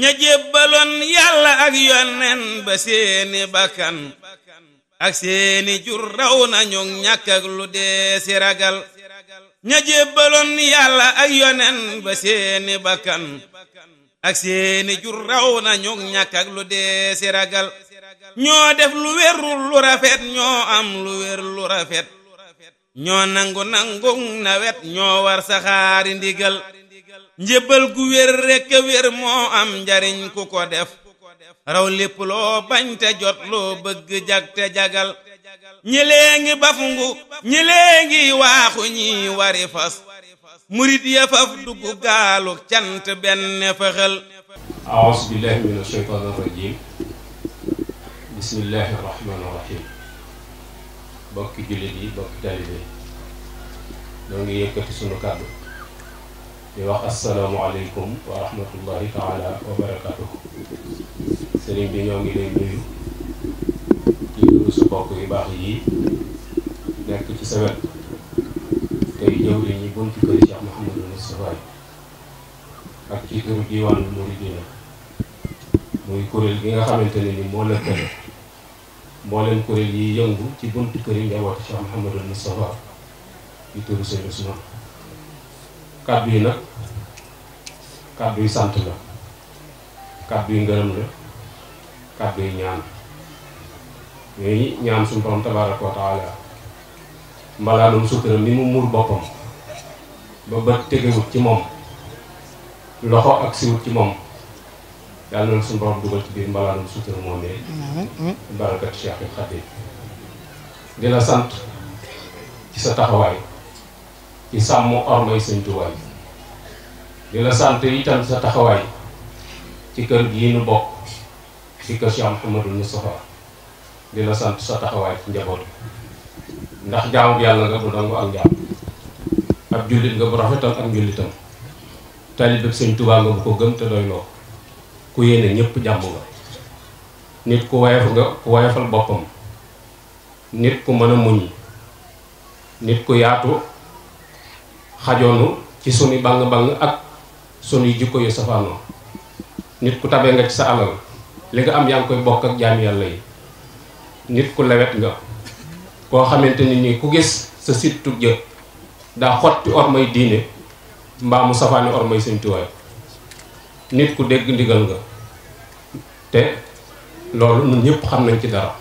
ña jébbaloon yàlla ak yonen ba seeni bakkan ak seeni jur raw nañu ñàkk ak lu dee si ragal ña jébbaloon yàlla ak yonen ba seeni bakkan ak seeni jur raw nañu ñàkk ak lu dee si ragal ñoo def lu wérul lu rafet ñoo am lu wér lu rafet ñoo nangu nangu na ñoo war saxaari ndigal njëbal gu wér rekk wér moo am njariñ ku ko def raw lépp loo bañ te jot loo bëgg jag te jagal ñilee ngi bafungu ñilee ngi waaxu ñii wari murit ya faf dugg gaalu cant benn fëxal aawus billahi min asheytaan arrajim bismillahi bokki jullit yi bokki taalibe yi ngi yëkkati sunu kàddu di wax asalaamualeykum wa rahmatullahi taala wa barakaatu. sëriñ ñoo ngi lay nuyu ci dugg su bokk yu baax yi nekk ci sa wet tey jëw li ñu buntu kër Cheikh Mouhamadou Moustapha ak ci turu diwaanu Mouridina muy kuréel gi nga xamante ne ni moo lëkkale mbooleem kuréel yi yëngu ci buntu kër yi njabootu Cheikh Mouhamadou Moustapha ci turu seen Ousmane kàddu yi nag kàddu yi sant la kàddu yi ngërëm la kàddu yi ñaan yooyu ñaan suñu borom tabaaraka wa taala mbalaanum suturam ni mu muur boppam ba bët tegewut ci moom loxo ak siwut ci moom yàlla na suñu borom dugal ci biir mbalaanum suturam moom ne barakat Cheikh Xadim di la sant ci sa taxawaay ci sàmm ormay sëñ Tuubaa yi di sant itam sa taxawaay ci kër gii nu bokk ci kër Cheikh Mouhamadou Moustapha di la sant sa taxawaay ci njaboot ndax jaamu yàlla nga bu nangu ak njaam ab jullit nga bu rafetal ak njullitam talibeb sëñ Tuubaa nga bu ko gëm te doy loo ku yéene ñëpp jàmm nga nit ku wayaf nga ku wayafal boppam nit ku mën a muñ nit ku yaatu xajoonu ci sunuy bang-bang ak sunuy jikko yu safaanoo nit ku tabee nga ci sa alal li nga am yaa ngi koy bokk ak jaami yàlla yi nit ku lawet nga koo xamante ni nii ku gis sa sittu jë daa xotti ormay diine mbaamu mu safaani ormay Sëñ Tuubaa nit ku dégg ndigal nga te loolu ñun ñëpp xam nañ ci dara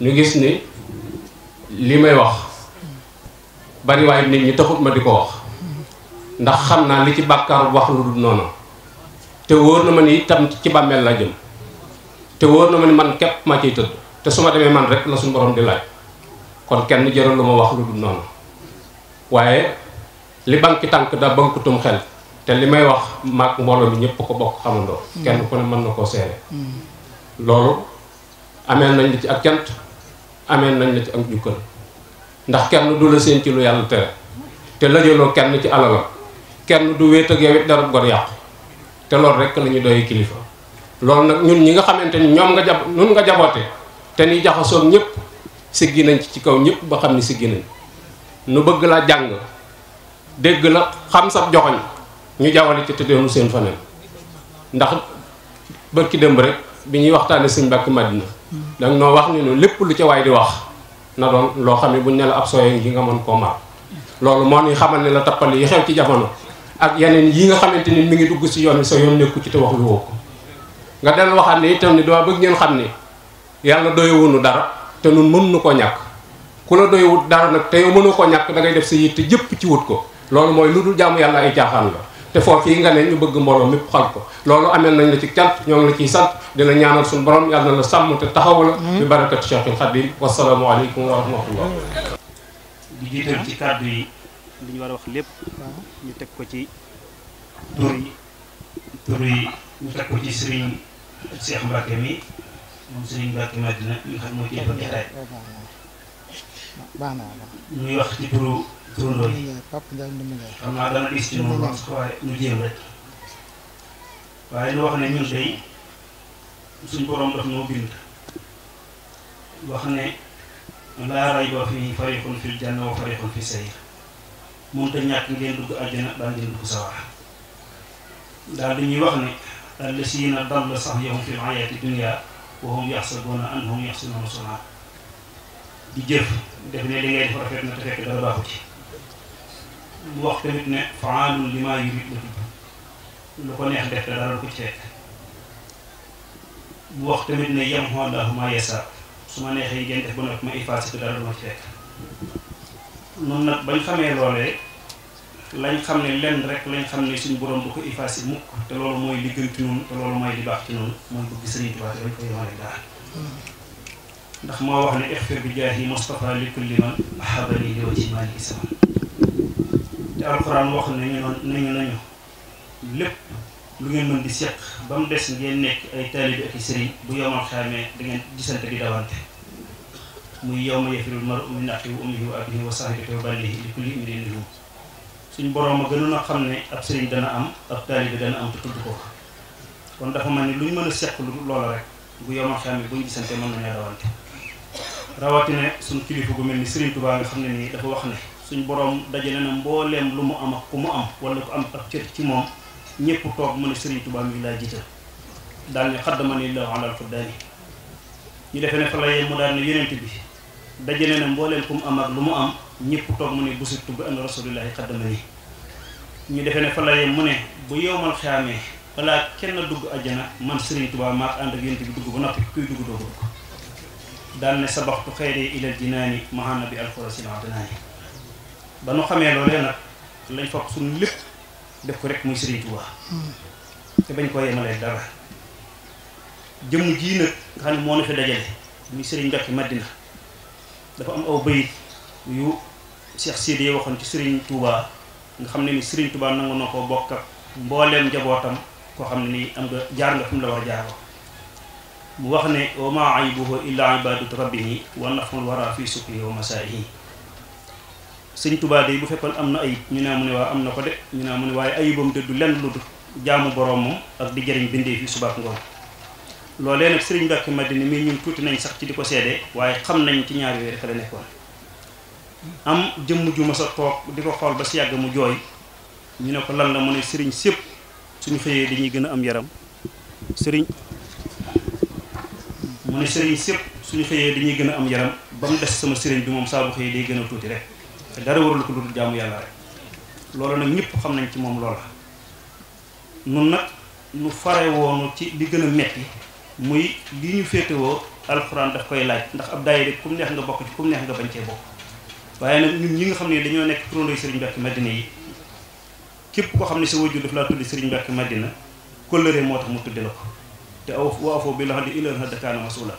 ñu gis ni li may wax bariwaayu nit ñi taxut ma di ko wax ndax xam naa li ci bàkkaar wax lu dul noonu te wóor na ma ni itam ci bàmmeel la jëm te wóor na ma ni man képp ma ciy tëdd te su ma demee man rek na su borom di laaj kon kenn jëral lu ma wax lu dul noonu waaye li banki tànk da bankutum xel te li may wax maag mbooloo mi ñëpp ko bokk xamandoo kenn ku ne mën na koo seere hmm. loolu amee nañ la ci ak cant amee nañ la ci ak jukkal ndax kenn du la seen ci lu yàlla tere te lajaloo kenn ci alalam kenn du wéet ak yow it dara gor yàqu te loolu rek la ñu doy kilifa loolu nag ñun ñi nga xamante ni ñoom nga jab nga jaboote te ni jaxasoon ñëpp siggi nañ ci ci kaw ñëpp ba xam ni siggi nañ nu bëgg laa jàng dégg la xam sab joxoñ ñu jawale ci te doonu seen faneen ndax ki démb rek bi ñuy waxtaane si Mbàkke Madina danga noo wax ni nu lépp lu ca waay di wax na doon loo xam ne buñ ne la ab sooyee yi nga mën koo mar loolu moo ñu xamal ne la tappale yi xew ci jamono ak yeneen yi nga xamante ni mi ngi dugg si yoon wi sa yoon nekku ci te wax lu woo ko nga dellu waxaat ne itam ni dama bëgg ngeen xam ne yàlla doyewunu dara te nun mën nu ko ñàkk ku la doyewut dara nag te yow mënu ko ñàkk dangay def sa yitte jëpp ci wut ko loolu mooy lu dul jàmm yàlla ay jaaxaan la te foofu yi nga ne ñu bëgg mbooloo mépp xal ko loolu amel nañ la ci cant ñoom la ciy sant dina ñaanal suñu borom yàlla na la sàmm te taxawal la mm-hmm. barakatu Cheikhul Khadim wasalaamu aleykum wa rahmatullah ci kàddu yi li ñu war a wax lépp mm-hmm. ñu teg ko ci tur yi tur yi ñu teg ko ci xam moo ci defa jotaay ñuy wax ci turu turandoo eh, yi xam naa dana gis ci moom lool sax waaye ñu jéem rek waaye ñu wax ne ñun day suñ borom daf ñoo bind wax ne laa rayba fi fariqun fil janna wa fariqun fi sayr moom te ñàkk ngeen dugg àjjana daan ngeen dugg sawara daal dañuy wax ne allasiina dalla sahyuhum fil hayaati dunya wa hum yaxsabuuna annahum yaxsinuuna sunaa di jëf def ne li ngay def rafet na te fekk dara baaxu ci mu wax tamit ne faalul li maa yurid la lu ko neex def te dara ko ci fekk mu wax tamit ne yamhu Allahu maa yasaa su ma neexee yi ngeen def ba noppi ma effacé te ma ci bañ xamee loolee lañ xam ne lenn rek lañ xam suñu borom ko effacé mukk te noonu te loolu mooy li baax ci noonu mooy bëgg Sëriñ Tuubaa te bañ ko yemale daal ndax moo wax ne ixfir bi jaahi Mustafa li kulli man ahabani li wajhi maali sama li alxuraan wax nañu nañu nañu lépp lu ngeen mën di seq ba mu des ngeen nekk ay taalibi ak i sëriñ bu yowmal xaamee da ngeen gisante di dawante muy yow ma yafirul mar u min axi wa ummihi wa boroom a gënoon a xam ne ab sëriñ dana am ab taalibi dana am tudd ko dafa mel ni lu ñu mën a seq lu loola rek bu yowmal xaamee buñ gisante mën nañoo dawante rawatina suñ kilifa gu mel ni sëriñ Tuubaa nga xam ne nii dafa wax ne suñu borom dajale na mbooleem lu mu am ak ku mu am wala ku am ak cër ci moom ñëpp toog mu ne Serigne Touba mi laa jiital daal ne xaddamanillahu ala alfuddaani ñu defee ne fa mu daal ne yonent bi dajale na mbooleem ku mu am ak lu mu am ñëpp toog mu ne busirtu bi an rasulillahi xaddamani ñu defee ne fa la mu ne bu yowmal xiyaamee balaa kenn dugg àjjana man Serigne Touba maa ànd ak yonent bi dugg ba noppi kuy dugg doogu dugg daal ne sabaxtu xayri ilal jinaani mahanna bi alxurasil adnaani ba nu xamee loolee nag lañ fab suñu lépp def ko rek muy Sëriñ Tuubaa te bañ koo yemalee dara jëmm jii nag nga xam ne moo na fi dajale muy Sëriñ Mbàkke Madina dafa am aw bayit yu Cheikh Sidi waxoon ci Sëriñ Tuubaa nga xam ne ni Sëriñ Tuubaa nangu na ko bokk ak mbooleem njabootam koo xam ne nii am nga jaar nga fi la war jaaroo mu wax ne wa maa aybuhu illaa ibaadatu rabbihi wa naful wara fi sukrihi wa masaa'ihi sëñ Tuubaa day bu fekkoon am na ayib ñu ne mu ne waa am na ko de ñu ne mu ne waaye ayibam de du lenn lu dul jaamu boroomam ak di jëriñ bindee fi subaak ngoon loolee nag sëriñ Mbàkke Madina mii ñun tuuti nañ sax ci di ko seede waaye xam nañ ci ñaar yooyu rek am jëmm ju ma sa toog di ko xool ba si yàgg mu jooy ñu ne ko lan la mu ne sëriñ sépp suñu xëyee ñuy gën a am yaram sëriñ mu ne sëriñ sépp suñu xëyee ñuy gën a am yaram ba mu des sama sëriñ bi moom saa bu xëyee day gën a tuuti rek te dara warul ko dul jaamu yàlla rek loolu nag ñëpp xam nañ ci moom loola nun nag nu fare woonu ci li gën a metti muy li ñu féetewoo alxuraan daf koy laaj ndax ab daayira de kum neex nga bokk ci kum neex nga bañ cee bokk waaye nag ñi nga xam ne dañoo nekk turandoo Serigne Mbacke Madina yi képp koo xam ne sa wajur daf laa tuddi Serigne Mbacke Madina kóllëre moo tax mu tudde la ko te aw wa afoo bi la xam ne ilal na masula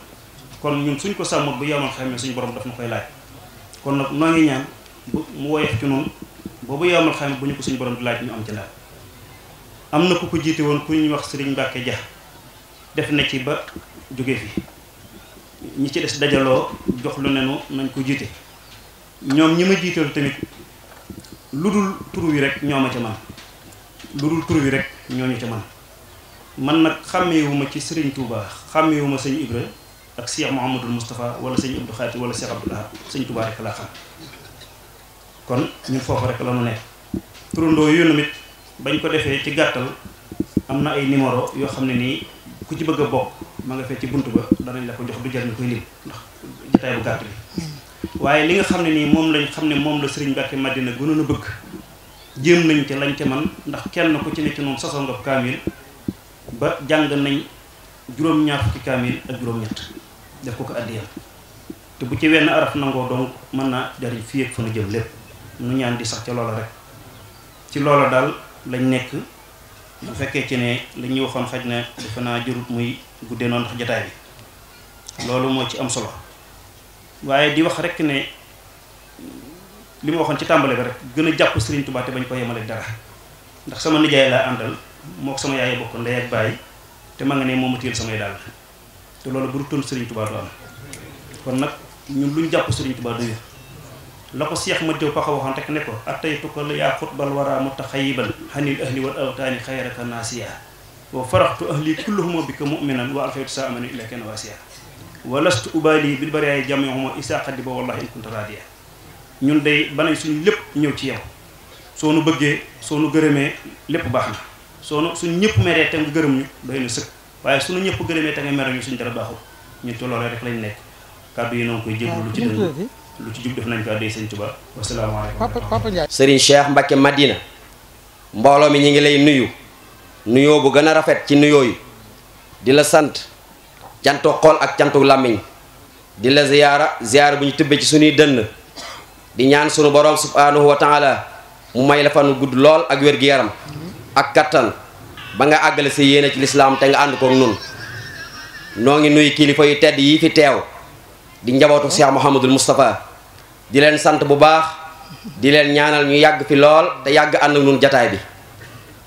kon ñun suñ ko sàmmut bu yemoon xamee suñu borom daf na koy laaj mu woyof ci noonu boobu yowmal xam bu ñu ko suñu borom di laaj ñu am ci ndax am na ku ko jiite woon ku ñuy wax sëriñ Mbacke Dia def na ci ba jóge fi ñi ci des dajaloo jox lu nenu nañ ko jiite ñoom ñi ma jiiteelu tamit lu dul tur wi rek ñoo ma ca man lu dul tur wi rek ñooñu ca man man nag xàmmeewuma ci Serigne Touba xàmmeewuma sëñ Ibra ak Cheikh Mouhamadul Moustapha wala sëñ Abdou Khati wala Cheikh Abdoulaye sëñ Touba kon ñun foofu rek la nu nekk turandoo yu nu it bañ ko defee ci gàttal am na ay numéro yoo xam ne nii ku ci bëgg a bokk ma nga fee ci bunt ba danañ la ko jox du jar ñu koy lim ndax jotaay bu gàtt bi waaye li nga xam ne nii moom lañ xam ne moom la Serigne Mbacké Madina gënoon a bëgg jéem nañ ca lañ ca man ndax kenn ku ci ne ci noonu sasoo kaamil ba jàng nañ juróom-ñaar fukki kaamil ak juróom-ñett def ko ko àddiyam te bu ci wenn araf nangoo donc mën naa jariñ fii ak fa jëm lépp nu ñaan di sax ca loola rek ci loola daal lañ nekk bu fekkee ci ne li ñuy waxoon xaj na defe naa jërut muy guddee noonu ndax jataay bi loolu moo ci am solo waaye di wax rek ne li ma waxoon ci tàmbale ba rek gën a jàpp sëriñ Touba bañ ko yemale dara ndax sama nijaay laa àndal moo sama yaay bokk ndey ak baay te ma ne moom a téyel samay daal te loolu bu du toon Serigne Touba am kon nag ñun luñ jàpp sëriñ Touba du la ko seex ma jëw paxa waxoon rek ne ko ataytuka la yaa xutbal wara mutaxayiban xanil ahli wal awtaani xayraka naasiya wa faraxtu ahli kulluhuma bika muminan wa alfaytu saamani ilayka nawaasiya wa lastu ubaali bil bariyaay jamiohuma isaaqadi ba wallahi in kunta raadiya ñun day banañ suñu lépp ñëw ci yow soo nu bëggee soo nu gërëmee lépp baax na soo nu suñ ñëpp meree te nga gërëm ñu doy na sëkk waaye suñu ñëpp gërëmee te nga mere ñu suñ dara baaxul ñun ci loolee rek lañ nekk kàddu yi noonu koy jéglu lu ci lu jub def nañ ko addee sëñ Tuba wasalaamaaleykum papa papa Ndiaye sëriñ Cheikh Mbacke Madina mbooloo mi ñu ngi lay nuyu nuyoo bu gën a rafet ci nuyoo yi di la sant cantu xol ak cantu làmmiñ di la ziyaara ziyaara bu ñu tëbbee ci suñuy dënn di ñaan sunu borom subhanahu wa mu may la fan gudd lool ak wér gi yaram ak kattan ba nga àggale sa yéene ci lislaam te nga ànd kook nun noo ngi nuyu kilifa yu tedd yi fi teew di njabootu Cheikh Mouhamadul Moustapha di leen sant bu baax di leen ñaanal ñu yàgg fi lool te yàgg ànd ak ñun jataay bi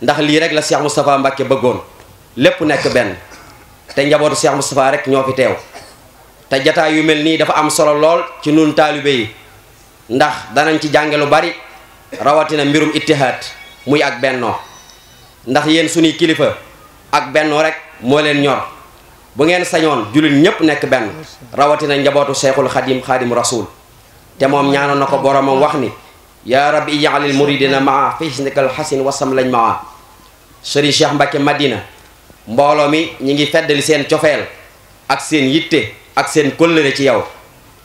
ndax lii rek la Cheikh Moustapha Mbacke bëggoon lépp nekk benn te njabootu Cheikh Moustapha rek ñoo fi teew te jataay yu mel nii dafa am solo lool ci nun taalibe yi ndax danañ ci jànge lu bari rawatina mbirum ittihaad muy ak bennoo ndax yéen suñuy kilifa ak bennoo rek moo leen ñor bu ngeen sañoon jullit ñépp nekk benn rawatina njabootu cheikhul xadim xadim rasul te moom ñaanoon na ko boromam wax ni yaa rabbi ijalil muridina maa fi hisnikal xasin wasam lañ maa sëriñ cheikh mbacke madina mbooloo mi ñu ngi feddali seen cofeel ak seen yitte ak seen kóllëre ci yow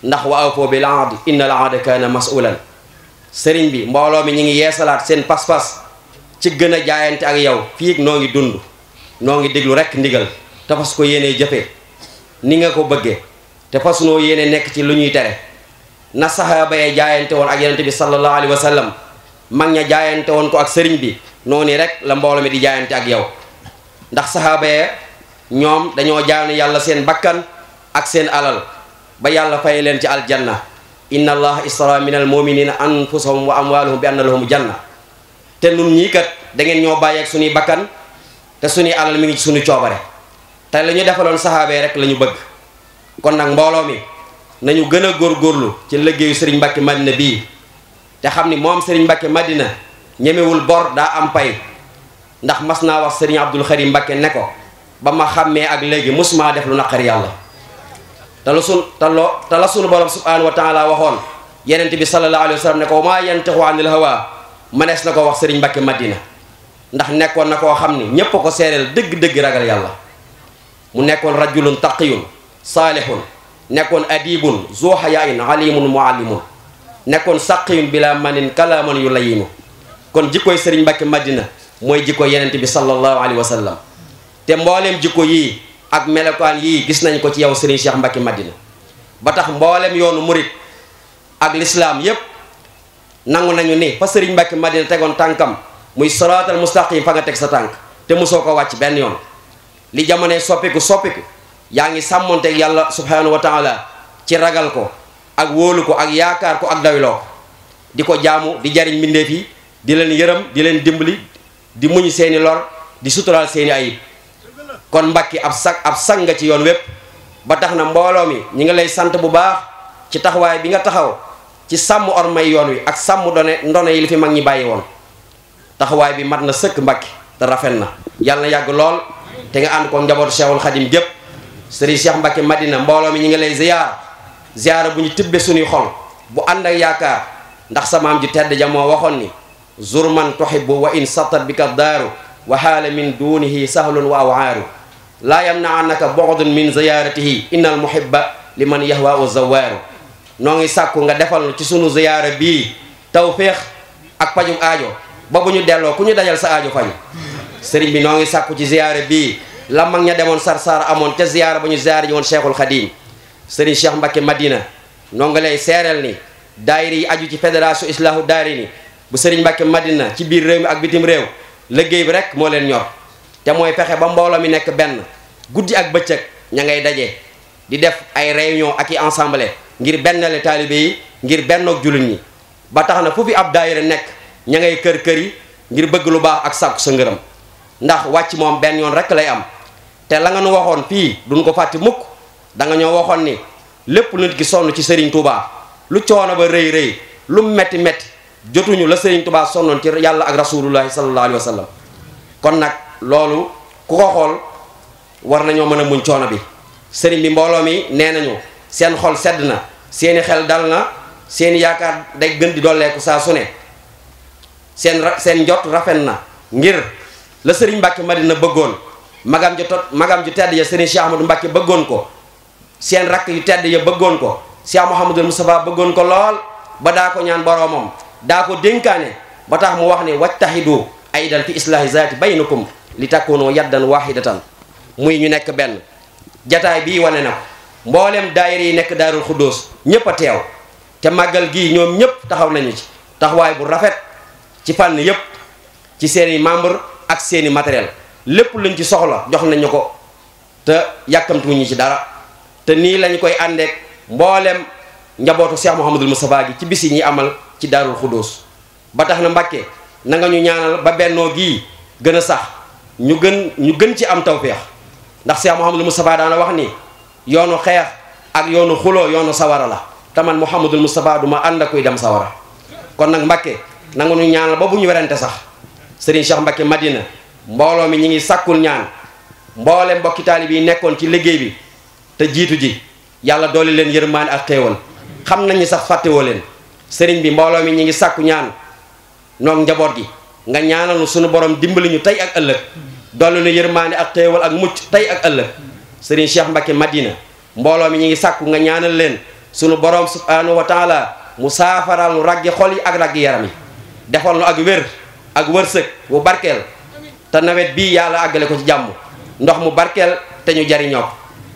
ndax wa awfoo bil ahdi innal ahda kaana masulan sëriñ bi mbooloo mi ñu ngi yeesalaat seen pas-pas ci gën a jaayante ak yow fii noo ngi dund noo ngi déglu rekk ndigal te fas ko yéene jëfee ni nga ko bëggee te fasunoo yéene nekk ci lu ñuy tere na saxaaba ya jaayante woon ak yonente bi sallallahu alayhi wa sallam mag ña jaayante woon ko ak sëriñ bi noonu rek la mbooloo mi di jaayante ak yow ndax saxaaba ya ñoom dañoo jaanu yàlla seen bakkan ak seen alal ba yàlla fay leen ci aljanna inna allaha istara min al muminina anfusahum wa amwaluhum bi anna lahum janna te nun ñii kat da ngeen ñoo bàyyeeg suñuy bakkan te suñuy alal mi ngi ci suñu coobare te la ñu defaloon saxaabee rek la ñu bëgg kon nag mbooloo mi nañu gën a góorlu ci liggéeyu sëriñ Mbacke Madina bii te xam ni moom sëriñ Mbacke Madina ñemewul bor daa am pay ndax mas naa wax sëriñ Abdul Xarim Mbacke ne ko ba ma xàmmee ak léegi mosuma def lu naqari yàlla te la sun te loo te la sunu borom subhanahu wa taala waxoon yenent bi sallallahu alayhi wa sallam ne ko maa yantixu anil waa mënees na ko wax sëriñ Mbacke Madina ndax nekkoon na koo xam ni ñépp ko seereel dëgg ragal yàlla mu nekkoon rajulun taqiyun saalihun nekkoon adibun zuhayain alimun muallimun nekkoon saqiyun bila manin kalaaman yu layinu kon jikkoy sëriñ Mbàkke Madina mooy jikko yenent bi sallallahu alayhi wa sallam te mbooleem jikko yii ak melokaan yii gis nañ ko ci yow sëriñ Cheikh Mbàkke Madina ba tax mbooleem yoonu murit ak lislaam yépp nangu nañu ni fa sëriñ Mbàkke Madina tegoon tànkam muy siraatal mustaqim fa nga teg sa tànk te mosoo ko wàcc benn yoon li jamonoy soppiku soppiku yaa ngi sàmmonteeg yàlla subhanahu wa taala ci ragal ko ak wóolu ko ak yaakaar ko ak doyloo di ko jaamu di jariñ mbindeef yi di leen yërëm di leen dimbali di muñ seeni lor di suturaal seeni ayib kon mbakki ab sag ab sag nga ci yoon wépp ba tax na mbooloo mi ñu ngi lay sant bu baax ci taxawaay bi nga taxaw ci sàmm ormay yoon wi ak sàmm done ndone yi li fi mag ñi bàyyi woon taxawaay bi mat na sëkk mbakki te rafet na yàlla te nga ànd ko njabootu Cheikhul Khadim gépp sëriñ Cheikh Mbacke Madina mbooloo mi ñu ngi lay ziyaar ziyaara bu ñu tibbe suñuy xol bu ànd yaakaar ndax sa maam ji tedd ja moo waxoon ni zurman tuhibbu wa in sattat bika daaru wa haala min dunihi sahlun wa awaaru laa yamnaannaka bu'dun min ziyaaratihi innal muhibba liman yahwaa zawaaru noo ngi sàkku nga defal ci sunu ziyaara bii tawféex ak pajum aajo ba bu ñu delloo ku ñu dajal sa aajo fañ sëriñ bi noo ngi sàkku ci ziyaare bii la mag ña demoon sar-sar amoon ca ziyaare ba ñu ziyaare ji woon cheikhul xadim sëriñ cheikh Mbacke Madina noo ngi lay seereel ni daayiri yi aju ci fédération islahu daayiri ni bu sëriñ Mbacke Madina ci biir réew mi ak bitim réew liggéey bi rek moo leen ñor te mooy fexe ba mbooloo mi nekk benn guddi ak bëccëg ña ngay daje di def ay réunion ak i ensemble ngir bennale taalibe yi ngir bennoog jullit ñi ba tax na fu fi ab daayira nekk ña ngay kër kër yi ngir bëgg lu ak sàkku sa ngërëm ndax wàcc moom benn yoon rek lay am te la nga nu waxoon fii duñ ko fàtte mukk da nga ñoo waxoon ni lépp lu nit ki sonn ci sëriñ Touba lu coono ba rëy rëy lu metti metti jotuñu la Serigne Touba sonnoon ci yàlla ak rasulullahi sallallahu alayhi wa sallam kon nag loolu ku ko war nañoo mën a muñ bi sëriñ bi mbooloo mi nee nañu seen xol sedd na seeni xel dal na seeni yaakaar day gën di dolleeku saa su ne seen seen njot rafet na ngir la sëriñ Mbacke Madina bëggoon magam ju tot magam ju tedd ya sëriñ Cheikh Ahmadou bëggoon ko seen rakk yu tedd ya bëggoon ko Cheikh Mouhamadul Moustapha bëggoon ko lool ba daa ko ñaan boroomam daa ko dénkaane ba tax mu wax ne wajtahidu aydan fi islaahi zaati baynakum li takunu yaddan wahidatan muy ñu nekk benn jataay bii wane na ko mboolem daayira yi nekk daarul xuddoos ñëpp a teew te màggal gii ñoom ñëpp taxaw nañu ci taxawaay bu rafet ci fànn yëpp ci seeni membre ak seeni matériel lépp luñ ci soxla jox nañu ko te yàkkamtuwuñu ci dara te nii lañ koy àndeek mbooleem njabootu Cheikh Mouhamadul Moustapha gi ci bis yi ñuy amal ci Daarul Xudóos ba tax na Mbàkke nanga nga ñu ñaanal ba bennoo gii gën sax ñu gën ñu gën ci am tawféex ndax Cheikh Mouhamadul Moustapha daana wax ni yoonu xeex ak yoonu xuloo yoonu sawara la te man Mouhamadul Moustapha du ma ànd ak kuy dem sawara kon nag Mbàkke nanga ñu ñaanal ba bu ñu werante sax Serigne Cheikh Mbacké Madina mbooloo mi ñu ngi sàkkul ñaan mboole mbokki taalib yi nekkoon ci liggéey bi te jiitu ji yàlla doole leen yërmaane ak xéewal xam nañu sax fàttewoo leen sëriñ bi mbooloo mi ñu ngi sàkku ñaan noog njaboot gi nga ñaanal nu suñu borom dimbali ñu tey ak ëllëg doole nu yërmaane ak xéewal ak mucc tey ak ëllëg Serigne Cheikh Mbacké Madina mbooloo mi ñu ngi sàkku nga ñaanal leen sunu borom subhanahu wa taala mu saafaraal nu raggi xol ak raggi yaram yi ak wërsëg bu barkeel te nawet bii yàlla àggale ko ci jàmm ndox mu barkeel te ñu jariñoo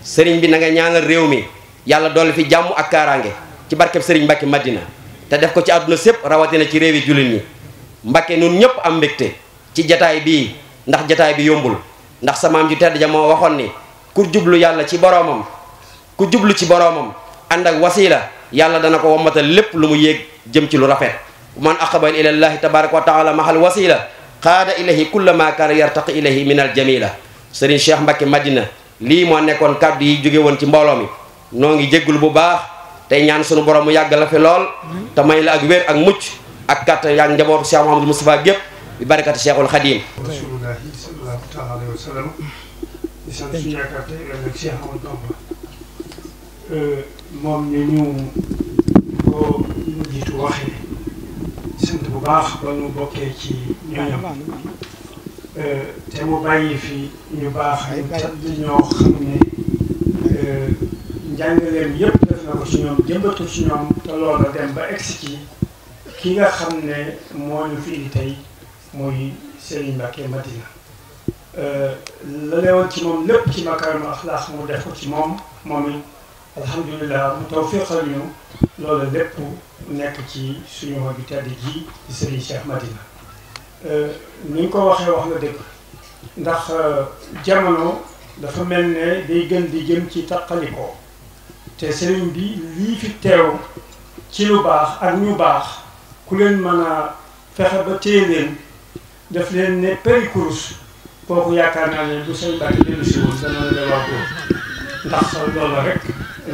sëriñ bi na nga ñaanal réew mi yàlla dolli fi jàmm ak kaaraange ci barkeb sëriñ Mbacke Madina te def ko ci àdduna sépp rawatina ci réewi jullit ñi Mbacke nun ñëpp am mbégte ci jataay bii ndax jataay bi yombul ndax sa maam ju tedd ja moo waxoon ni ku jublu yàlla ci boroomam ku jublu ci boroomam ànd ak wasiila yàlla dana ko wammatal lépp lu mu yéeg jëm ci lu rafet man aqaban ila llahi tabaraka wa taala mahal wasila qaada ilayhi kulla ma kaana yartaqi ilayhi min al jamila sëriñ cheikh Madina lii moo nekkoon kàddu yi jóge woon ci mbooloo mi noo ngi jéggul bu baax tey ñaan sunu borom mu yàgg la fi lool te may la ak wér ak mucc ak kàttan yaa njabootu cheikh Mouhamadou Moustapha gépp bi barakati cheikhul xadim rasulullahi sallallahu taala sant bu baax ba mu bokkee ci ñooñam euh, te mu bàyyi fi ñu baax ñu tedd ñoo xam ne euh, njàngaleem yépp def na ko ci ñoom jëmbatu ci ñoom te loola dem ba egsi ci ki nga xam ne moo ñu fi indi tey muy Serigne Mbacké Madina euh, la leewoon ci moom lépp ci makaarimu axlaax mu def ko ci moom moom it alhamdulilah mu tawfiqal ñu loolu lépp nekk ci suñu wax ju tedd ji di Serigne Cheikh Madina euh, ni ko waxee wax nga dëgg ndax euh, jamono dafa mel ne day gën di jëm ci taqalikoo te Serigne bi lii fi teew ci lu baax ak ñu baax ku leen mën a fexe ba téye leen daf leen ne peri kurus kooku yaakaar naa ne lu sëñ bàcc dellu si woon dana la wax ndax loolu rek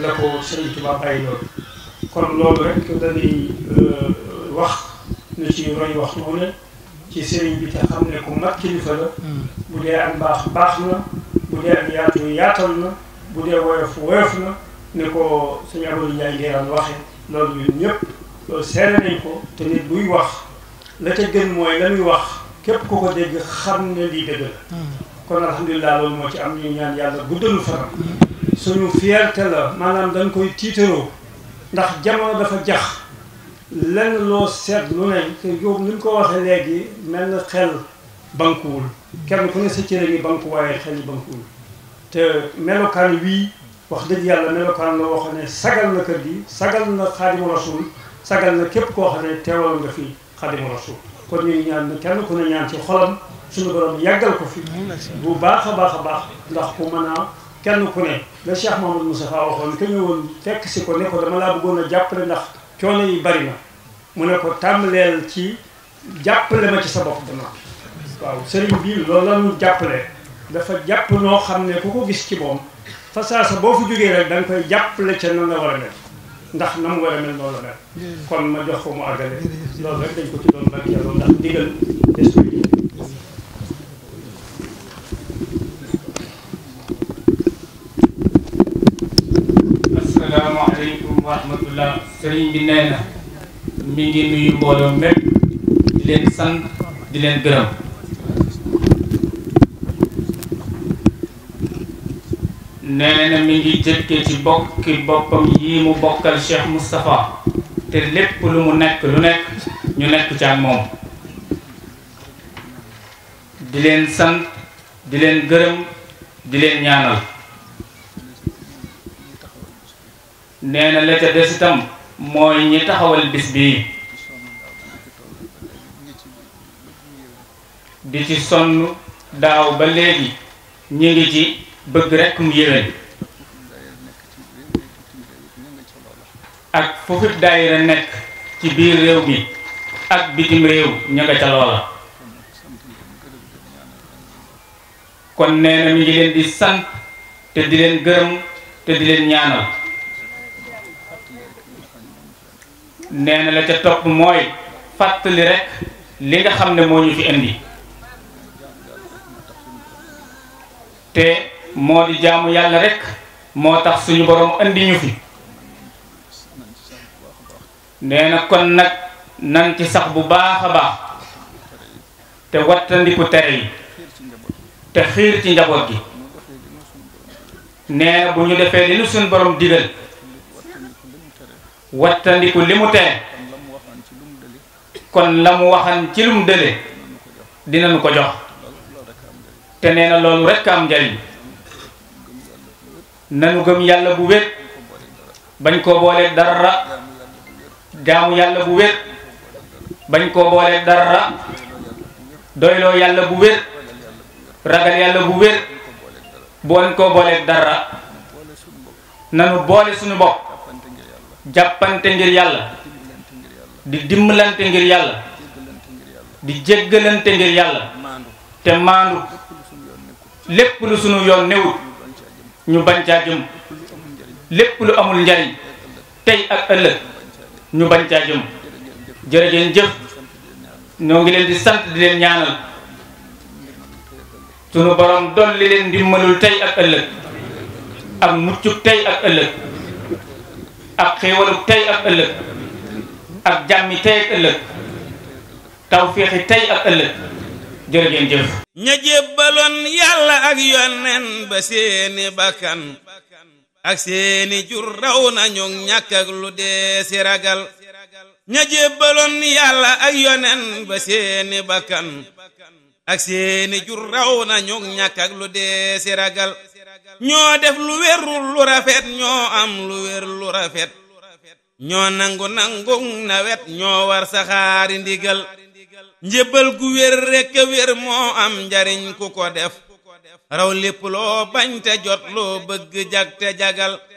la ko Serigne Touba bàyyi loolu kon loolu rek dañuy euh, wax nu ci roy wax wu ne ci sëriñ bi te xam ne ko mag kilifa la hmm. bu dee ak baax baax na bu dee ak yaatu yaatal na bu dee woyof woyof na ni ko suñu Amadou Ndiaye Ngiraan waxee loolu ñun ñëpp seere nañ ko te nit buy wax la ca gën mooy la muy wax képp ku ko dégg xam ne lii dëgg la hmm. kon alhamdulilah loolu moo ci am ñu ñaan yàlla guddalu faram hmm. suñu fierté la maanaam dañ koy tiitaroo ndax jamono dafa jax lenn loo seet lu ne te Jóob ni ko waxee léegi mel na xel bankuwul kenn ku ne sa cëre ngi banku waaye xel yi bankuwul te melokaan wii wax dëgg yàlla melokaan la wax ne sagal na kër gi sagal na xaadimu rasul sagal na képp koo xam ne teewal nga fi xaadimu rasul kon ñu ngi ñaan kenn ku ne ñaan ci xolam suñu borom yàggal ko fi bu baax a baax a baax ndax ku mën kenn ku ne la Cheikh Mouhamadou Moustapha waxoon ka ñëwoon fekk si ko ne ko dama laa bëggoon a jàppale ndax coono yi bari na mu ne ko tàmbaleel ci jàppale ma ci sa bopp dama waaw sëriñ bi loolu la ñu jàppale dafa jàpp noo xam ne ku ko gis ci moom fasaasa boo fi jógee rek da koy jàppale ca nan la war a mel ndax na mu war a mel noonu la mel kon ma jox ko mu àggale loolu rek dañ ko ci doon barkeel loolu ndax digal des aleykum wa rahmatullah sëriñ bi nee na mi ngi nuyu mbooloo mépp di leen sant di leen gërëm nee na mi ngi jëkkee ci bokki boppam yi mu bokkal Cheikh Moustapha te lépp lu mu nekk lu nekk ñu nekk ci ak moom di leen sant di leen gërëm di leen ñaanal nee na la ca des itam mooy ñi taxawal bis bii di ci sonn daaw ba léegi ñu ngi ci bëgg rekk mu yéwén ak fu fi daayira nekk ci biir réew mi ak bitim réew ñu nga ca loola kon nee na mi ngi leen di sant te di leen gërëm te di leen ñaanal nee na la ca topp mooy fàttali rek li nga xam ne moo ñu fi indi te moo di jaamu yàlla rek moo tax suñu boroom indi ñu fi nee na kon nag nan ci sax bu baax a baax te wattandiku tere yi te xiir ci njaboot gi nee bu ñu defee li nu suñu borom digal wattandiku li mu tere kon la mu waxan ci lum dële dinañ ko jox te nee na loolu rek am njariñ nanu gëm yàlla bu wér bañ koo boolee dara jaamu yàlla bu wér bañ koo boolee dara doyloo yàlla bu wér ragal yàlla bu wér bañ koo boolee dara nanu boole suñu bopp jàppante ngir yàlla di dimbalante ngir yàlla di jéggalante ngir yàlla te maandu lépp lu sunu yoon newut ñu bañ lépp lu amul njariñ tey ak ëllëg ñu bañ caa jëm jëf ñoo ngi leen di sant di leen ñaanal sunu borom dolli leen ndimbalul tey ak ëllëg ak muccub tey ak ëllëg ak xéewalu tey ak ëllëg ak jàmmi tey ak ëllëg tawféexi tey ak ëllëg jërëgeen jëf ña bakkan ak seeni jur raw nañu ñàkk ña jébbaloon yàlla ak yonen ba seeni bakkan ak seeni jur raw nañu ñàkk ak lu dee si ragal ñoo def lu wérul lu rafet ñoo am lu wér lu rafet ñoo nangu nangu nawet ñoo war saxaari ndigal njëbal gu wér rekk wér moo am njariñ ku ko def raw lépp loo bañ te jot loo bëgg jag te jagal